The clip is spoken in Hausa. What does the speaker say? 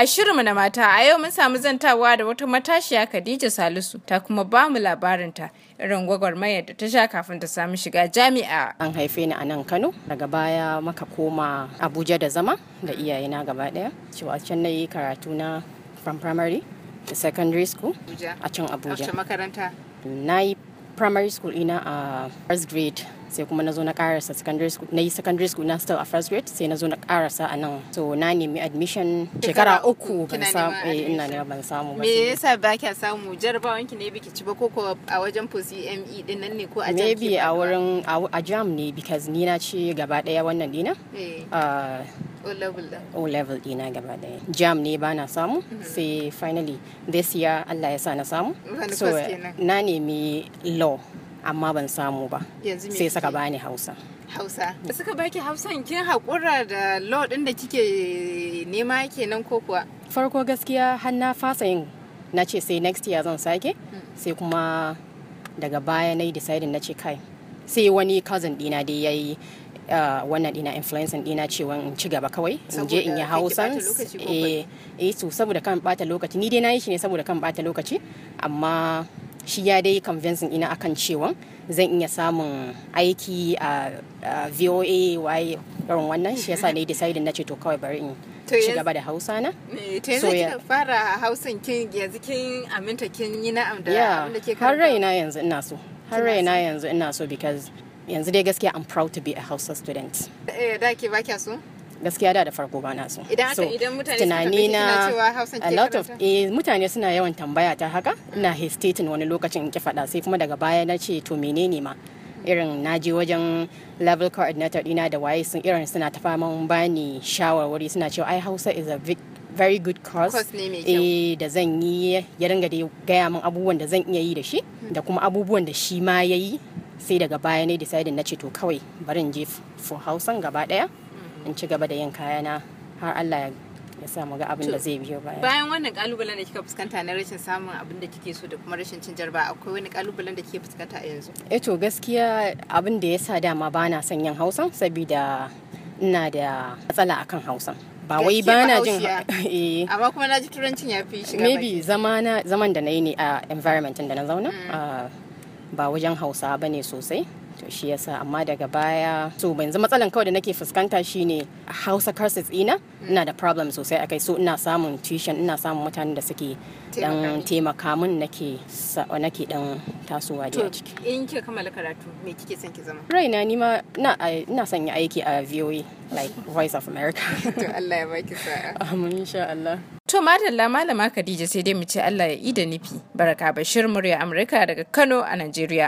A shirinmu na mata a yau mun samu zantawa da wata matashiya Khadija Salisu ta kuma ba mu ta irin gwagwarmayar da ta sha kafin ta samu shiga jami'a. An haife ni a nan Kano daga baya maka koma Abuja da zama da iyayena gaba daya. Cewa can na yi karatu na from primary to secondary school a can Abuja. Na yi primary school ina a first grade sai kuma na zo na karasa secondary school na yi secondary school na still a first grade sai na zo na karasa a nan so na nemi admission shekara uku ban samu eh ina ne ban samu ba me yasa ba kya samu jarabawan ki ne biki ci ba ko ko a wajen post CME din nan ne ko a jam maybe a wurin a jam ne because ni na ci gaba daya wannan dina eh. ah, O level ɗina dina gaba Jam ne ba na samu sai finally this year Allah ya sa na samu. So na nemi law amma ban samu ba. Sai saka bani Hausa. Hausa. Da suka baki Hausan kin haƙura da law ɗin da kike nema kenan ko kuwa? Farko gaskiya har na fasa yin na ce sai next year zan sake hmm. sai kuma daga baya na yi deciding na ce kai sai wani cousin dina dai ya yi Uh, wannan dina influencing dina cewa in ci gaba kawai in je in yi hausan eh, eh to saboda kan bata lokaci ni dai na yi shi ne saboda kan bata lokaci amma shi ya dai convincing ina akan cewa zan iya samun aiki a voa waye irin wannan shi yasa na yi na ce to kawai bari in ci gaba da hausa na to yanzu kika fara hausan kin yanzu kin aminta kin yi na'am da abin da ke har raina yanzu ina so har raina yanzu ina so because yanzu dai gaskiya i'm proud to be a hausa student eh da ke ba so gaskiya da da farko ba na so idan so, idan mutane tunani na a lot of eh mutane suna yawan tambaya ta haka ina hesitating wani lokacin in ki faɗa sai kuma daga baya na ce to menene ma irin na je wajen level coordinator dina da waye sun irin suna ta faman bani shawarwari suna cewa ai hausa is a big very good cause eh da zan yi ya ringa da gaya min abubuwan da zan iya yi da shi da kuma abubuwan da shi ma ya yi sai daga baya ne decided na ce to kawai bari in je for hausan gaba daya mm. in ci gaba da yin kayana har Allah ya sa mu ga abin da zai biyo baya bayan wannan kalubalen da kika fuskanta na rashin samun abin da kike so da kuma rashin cin jarba akwai wani kalubalen da kike fuskanta a yanzu eh to gaskiya abin da yasa dama bana son yin hausan saboda ina da matsala akan hausan ba wai ba na jin eh. amma kuma na ji turancin ya fi shiga maybe zaman da na yi ne a environment da na zauna mm. ba wajen hausa ba ne sosai to shi yasa amma daga baya so yanzu matsalan kawai da nake fuskanta shine hausa courses ina ina da problem sosai akai so ina samun tuition ina samun mutanen da suke dan taimaka min nake nake dan tasowa da ciki in kika kammala karatu me kike son ki zama raina ni ma na ina son yi aiki a VOA e, like Voice of America to Allah ya baki sa'a amin insha Allah To madalla malama Khadija sai dai mu ce Allah ya yi da nufi. Baraka Bashir murya Amurka daga Kano a Najeriya.